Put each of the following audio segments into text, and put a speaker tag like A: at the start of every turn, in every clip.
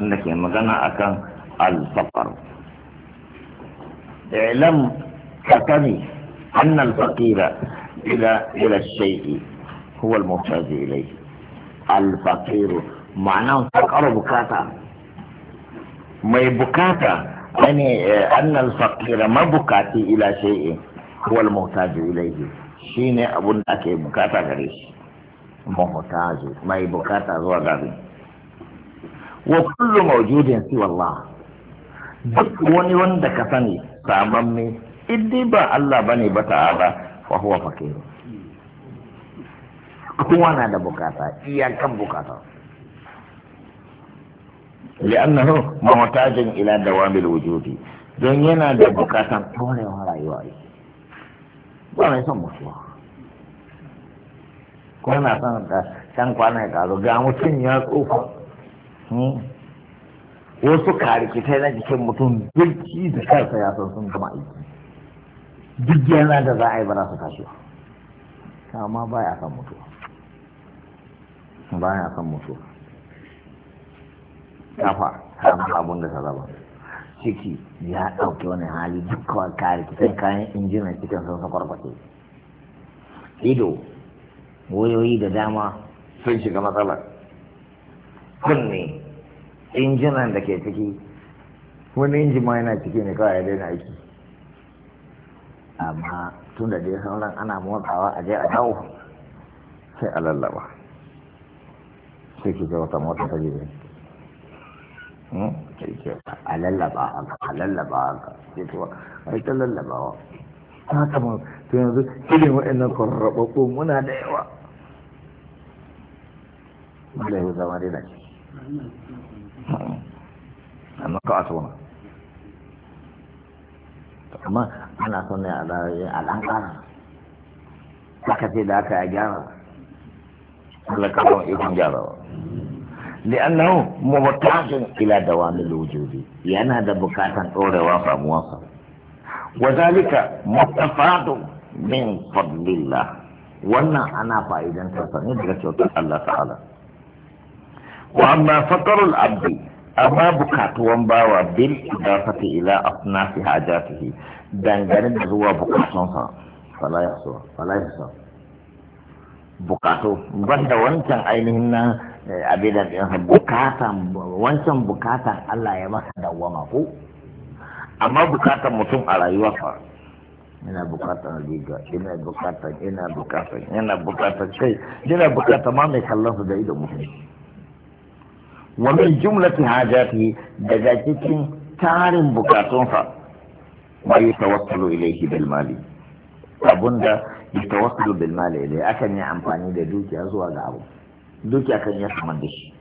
A: inda ke magana akan al-faqar ilam ka sani annal faqira ila ila shay'i huwa al-muhtaj ilay al-faqir ma'ana faqar bukata mai bukata ane eh, annal faqira ma bukati ila shay'i huwa al-muhtaj ilay shine abun da ake bukata gare shi mai bukata zuwa gare shi wa kullu mawjudin siwa Allah duk wani wanda ka sani samamme iddi ba Allah bane ba ta'ala fa huwa fakir kowa na da bukata kan bukata li'annahu muhtajin ila dawamil wujudi don yana da bukatan torewa rayuwa ba mai son mutuwa ko na son kan kwana ya karu ga mutum ya tsufa Hmm. wasu karikitai na jikin mutum birki da kansa ya san sun gama aiki duk yana da za a yi ba za su tashi ba amma ba ya san mutu ba ya san mutu kafa ta abun da ta zaba ciki ya ɗauki wani hali duk kawai karikitai kayan injinan cikin sun sakwarface ido wayoyi da dama sun shiga matsalar kunne injinan da ke ciki wani injin ma yana ciki ne kawai ya daina aiki amma tun da dai sauran ana motsawa a je a dawo sai a lallaba sai ki ga wata mota ta jibi hmm? a lallaba a lallaba a sai tuwa a ta lallabawa ta kama to yanzu irin waɗannan kwararraɓaɓɓun muna da yawa. Allah ya zama dai na ce. a ana son ya zai al'ankara da aka gyara gyara ila yana da bukatan ɗorewa samuwarsa
B: wazalika
A: mutafadu min fadlillah wannan ana fa'idan sanin daga cewa Allah ta'ala wa amma faqarul abdi amma bukatuwan bawa bil idafati ila asnafi hajatihi dangane da zuwa bukatunsa fala yahsu fala yahsu bukatu banda wancan ainihin na eh, abidan ɗinsa bukatan wancan bukatan Allah ya masa dawwama ko amma bukatan mutum a rayuwa rayuwarsa yana bukatan riga ina bukatan ina bukatan ina bukatan kai ina bukatan ma mai kallon su da ido mutum wa min jumlati hajatihi daga cikin tarin bukatunsa ma yatawassalu ilayhi bil mali abunda yatawassalu bil mali ilayhi akan yi amfani da dukiya zuwa ga abu dukiya kan yi samar da shi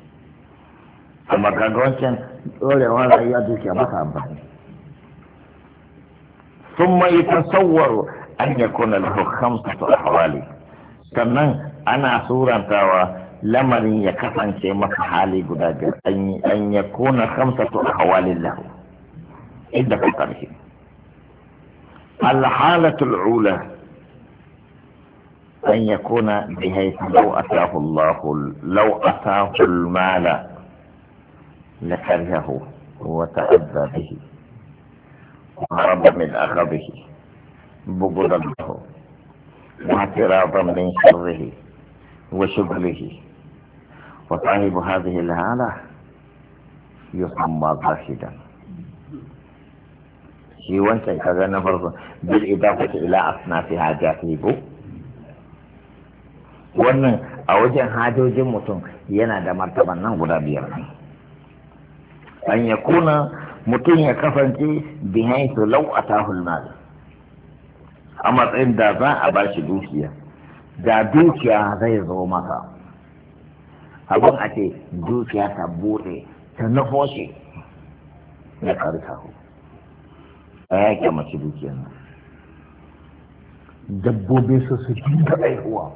A: amma kaga wancan dorewar rayuwa dukiya ba ta amfani ثم يتصور أن يكون له خمسة أحوال sannan ana surantawa lamarin ya kasance maka hali guda biyar an ya kona kamsatu a hawalin lahu inda ka ƙarshe alhalatul ula an ya kona bi haifu lau atahu allahu lau atahu almala la karyahu wa ta'adda bihi haraba min aghabihi bugudan lahu واعتراضا من شره وشغله وصاحب هذه الحالة يسمى ضاحدا shi wancan kaga na farko bil idafati ila ko wannan a wajen hajojin mutum yana da martaban nan guda biyar ne an ya kuna mutum ya kasance bihain su lau a tahul a matsayin da za a ba shi dukiya da dukiya zai zo masa abin a ce dukiya ta bude ta nufo shi ya karta hu a ya kyamaci dukiyar nan dabbobi su su dinga aihuwa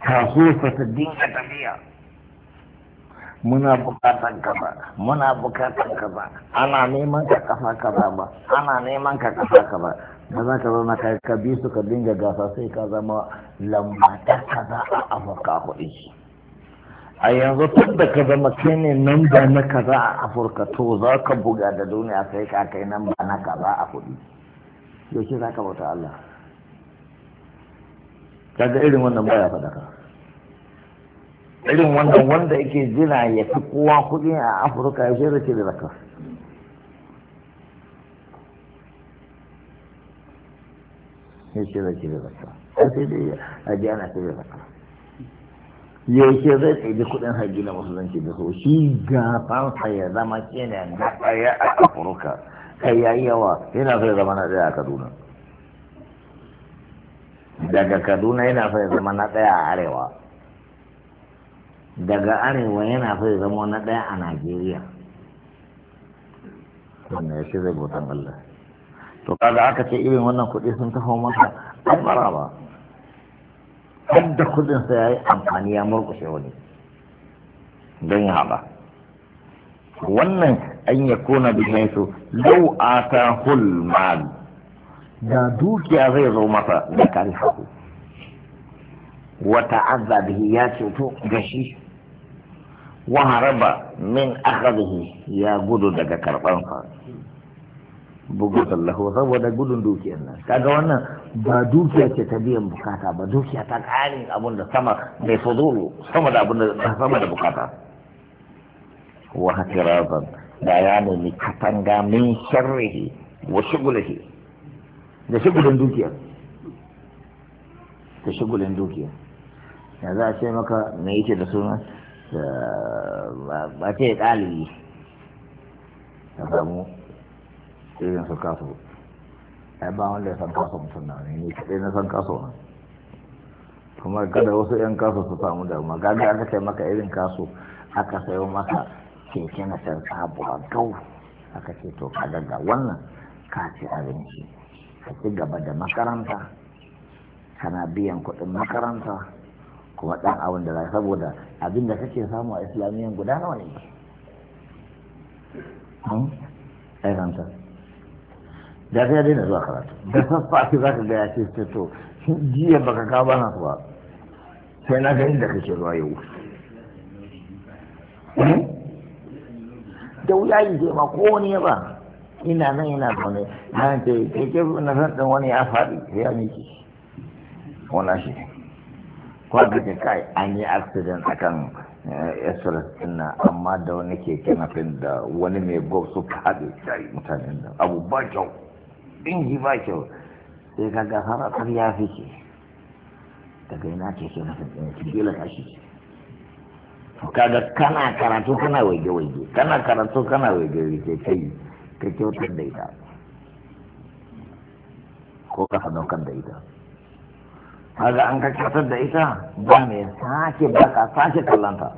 A: kasuwa su su dinga tafiya muna bukatan kaza muna bukatan kaza ana neman ka kafa kaza ba ana neman ka kafa kaza ba za ka zama kai ka bi su ka dinga gasa sai ka zama lambata ka za a afirka kuɗi a yanzu tun da ka zama kai ne nan ba na kaza a afirka to za ka buga da duniya sai ka kai nan ba na kaza a kuɗi yaushe za ka bauta Allah kaga irin wannan baya faɗaka irin wannan wanda yake jina ya fi kowa kuɗi a afirka ya shirya ce da zakar yaushe zai cire zakka a sai dai a ji ana cire zakka yaushe zai tsaye kuɗin hajji na musulunci da so shi gafansa ya zama kenan na ɗaya a afirka kai ya yi yawa yana sai zama na ɗaya a kaduna daga kaduna yana sai zama na ɗaya a arewa daga arewa yana sai zama na ɗaya a najeriya wannan ya ce zai bautan allah to kaga aka ce irin wannan kuɗi sun taho masa an mara ba har da kuɗin sa yayi amfani ya murƙushe wani don ya haɓa wannan an ya kona bi haisu lau ata hulmal da dukiya zai zo masa da kare haku wata azabihi ya ceto gashi wa haraba min akhadhihi ya gudu daga karɓar sa. bugu sallahu saboda gudun dukiyar nan kaga wannan ba dukiya ce ta biyan bukata ba dukiya ta karin abun da sama mai fuzulu sama da abun da sama da bukata wa hatiraban da ya nemi katanga min sharrihi wa shugulahi da shugulin dukiyar da shugulin dukiyar ya za a ce maka me yake da suna ba ce ɗalibi ka samu irin su kaso ai ba wanda ya san kaso mutum na ne na san kaso na kuma kada wasu 'yan kaso su samu damuwa gaga aka ce maka irin kaso aka sayo maka keke na can sabuwa gau aka ce to ka daga wannan ka ci abinci ka ci gaba da makaranta kana biyan kuɗin makaranta kuma ɗan abin da zai saboda abin da kake samu a islamiyan guda nawa ne ba. Hmm? da ya daina zuwa karatu da saffa za ka gaya ce ce to jiya baka ka bana ba sai na gani da kake zuwa yau eh? da wuya yi je ma ko wani ya ba ina nan ina zaune na ce keke na san ɗin wani ya faɗi ya miki wala shi kwaɗi da kai an yi accident akan SRS eh, ɗin amma da wani keke na fin da wani mai gob su kaɗe mutanen da abu ba kyau in shi ba kyau sai ka ga faratar ya fi ce daga ina ce ke masu ɗin ki dole ka shi kaga kana karatu kana waje waje kana karatu kana waje waje ta yi ka kyautar da ita ko ka sadaukar da ita kaga an ka kyautar da ita ba mai sake baka sake kallanta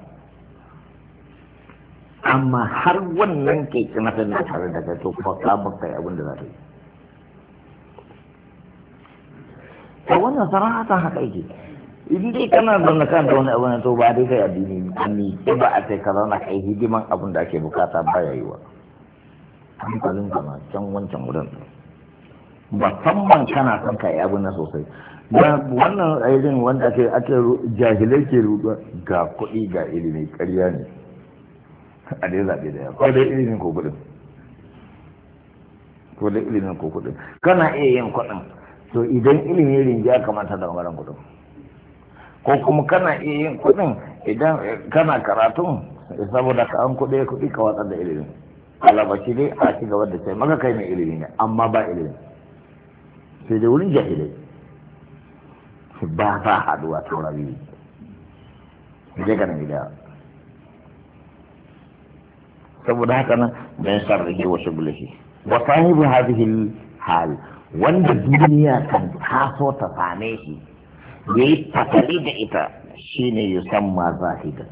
A: amma har wannan ke kina na tare da kai to kuma ka baka abin da za ta yi to wannan sana'a ta haka yake in dai kana zaune kan da wani abu na to ba dai kai addini ne sai ba a sai ka zauna kai hidiman abin da ake bukata ba ya yi wa hankalin ka na can wancan wurin musamman kana son ka yi abu na sosai wannan irin wanda ake ake jahilai ke rubuwa ga kuɗi ga ilimi ƙarya ne a dai zaɓe da yawa ko dai ilimin ko kuɗin ko dai ilimin ko kuɗin kana iya yin kuɗin to idan ilimi ya kamata da ɓangaren kuɗin ko kuma kana iya yin kudin idan kana karatun saboda ka an kuɗe kudi ka watsar da ilimi alabashi dai a ci gaba da sai maka kai mai ilimi ne amma ba ilimi sai dai wurin jahilai ba ba biyu. taurari je ka na gida saboda haka nan don sarrafi wasu bulashi wa sahibu hadhihi hal wanda duniya kan taso ta same shi ya yi tafali da ita shi ne shine yusamma zahidan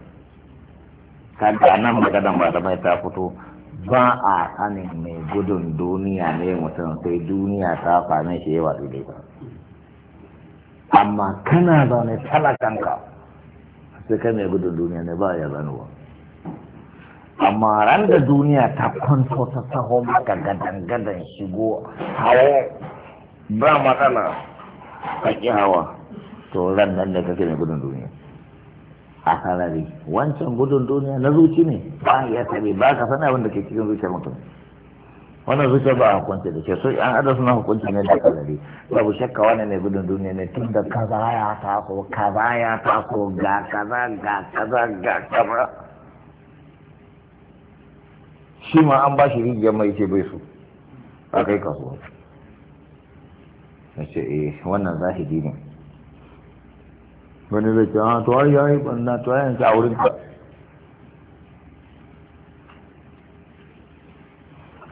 A: kaga nan maganan malamai ta fito ba a sanin mai gudun duniya ne mutum sai duniya ta same shi ya watsu da amma kana zaune talakanka sai kai mai gudun duniya ne ba ya zanuwa amma ran da duniya ta kwanto ta saho maka gadan-gadan shigo hawa ba matsala ka ƙi hawa to ran nan da kake mai gudun duniya a sarari wancan gudun duniya na zuci ne ba ya tabi ba ka sana abin da ke cikin zuciyar mutum wannan zuciya ba a hukunci da ke so an ada suna hukunci ne da kalari babu shakka wani ne gudun duniya ne tun da kaza ya taso kaza ya taso ga kaza ga kaza ga kaza shi ma an ba shi rijiyar mai ce bai su a kai kasuwa na ce eh wannan zahidi ne wani zai ce ah to ai yayi banna to ai sa a wurin ka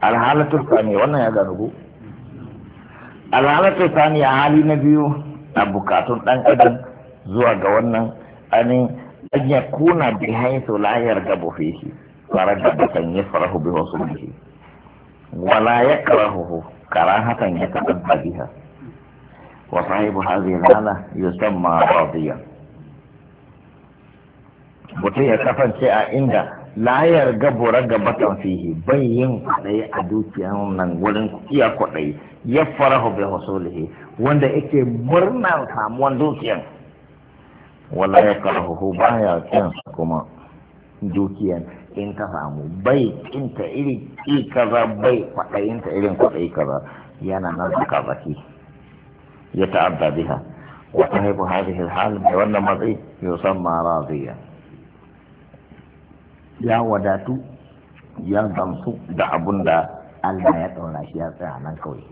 A: alhalatul sani wannan ya gano ko? alhalatul sani a hali na biyu a bukatun dan adam zuwa ga wannan anin an yakuna bi haythu la yargabu fihi farar da kan yi farahu bi wasu mahi wala ya karahu kara hakan ya taɓa ɗabiha wa sahibu hazi rana ya san ma radiya mutum ya kasance a inda layar gabora ga batan fihi bai yin kwaɗai a dukiya nan wurin iya kwaɗai ya farahu bi wasu wanda yake murnar samuwar dukiyar wala ya karahu ba ya kuma dukiyar in ta samu bai kinta iri ki kaza bai kwaɗayinta irin kwaɗayi kaza yana nan zaka baki ya ta'adda biha wa tahibu hadhihi al-hal mai wannan matsayi yusamma radiya ya wadatu ya gamsu da abunda da Allah ya ɗaura shi ya tsaya nan kawai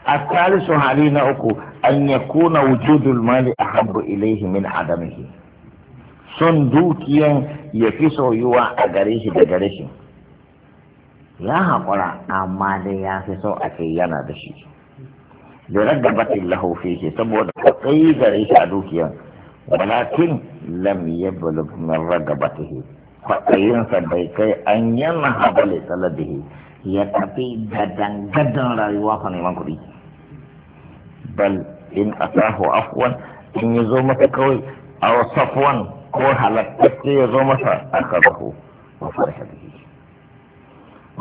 A: الثالث علينا أكو أن يكون وجود المال أحب إليه من عدمه son dukiyan ya fi soyuwa a gare shi da gare shi ya haƙura amma dai ya fi so a ce yana da shi da ragabatin lahofi shi saboda kwakwai gare shi a dukiyan walakin lam yablug min ragabatihi kwakwayinsa bai kai an yana habale saladihi ya tafi gadan dangadan rayuwa fa neman kuɗi bal in asahu afwan in ya zo masa kawai a safwan ko halattacce ya zo masa a kazahu wa farha bihi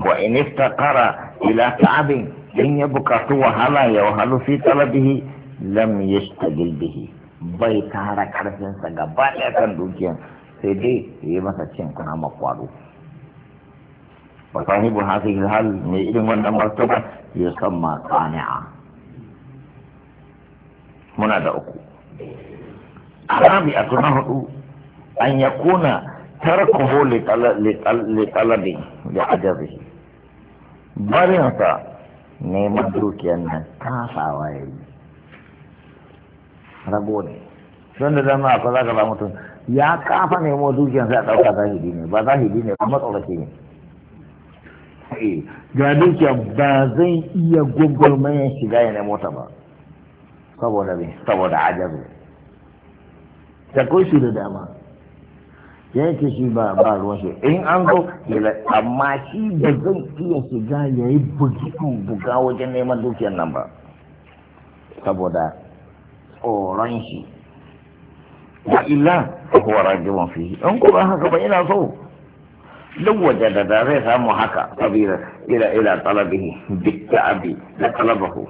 A: wa in iftaqara ila ta'abin in ya bukatu wahala ya wahalu fi talabihi lam yashtagil bihi bai tara karfinsa gaba ɗaya kan dukiyan sai dai ya yi masa cin kuna makwaro وصاحب هذه الهل من والمرتبة يسمى قانعا منادى أكو أرابي أتنهر an ya kuna tarkuhu li talabi da ajabi barinsa neman dukiyar nan kasawa ya yi rago ne don da zama akwai za ka ba mutum ya kafa nemo dukiyar sai a ɗauka zahiri ne ba zahiri ne kuma tsoraki ne ga dukiyar ba zai iya mai shiga ya nemo ta ba saboda ne saboda ajabi ta kun da dama ya yake shi ba ba ruwan shi in an zo amma shi da zan iya shiga ya yi bugikin buga wajen neman dukiyar nan ba saboda tsoron shi da illa huwa rajibun fihi in ko ba haka ba ina so duk waje da da zai samu haka sabira ila ila talabihi bikka abi da talabahu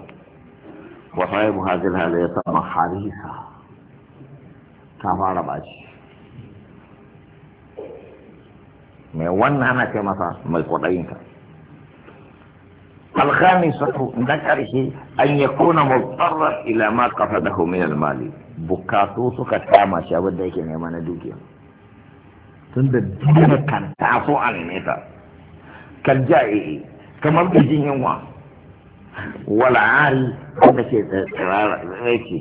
A: wa sahibu hadhihi al-hayata harisa ta fara ba shi. mai wannan ana ce masa mai kwaɗayinka alkhamisatu na ƙarshe an ya kona mutsarrar ila ma kafa da min mali bukatu suka kama shi abin da yake nema na dukiya tun da duniya kan taso a neme ta kan ja'i kamar bijin yunwa wala ari wanda ke tsirara tsirrai ce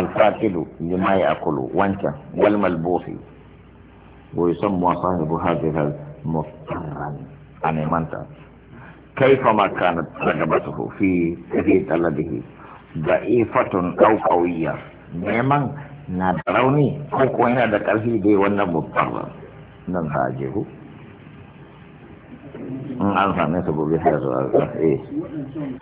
A: alfatilu lima ya akulu wancan wal malbosi Wai san mu asane ba hajijan muɗumai kai Kaifa ma kan ta gabata ko fiye fiye da Allah ya yi Neman na da rauni ko ina da ƙarfi da wannan muɗumai. Nan ha An sami saboda yana son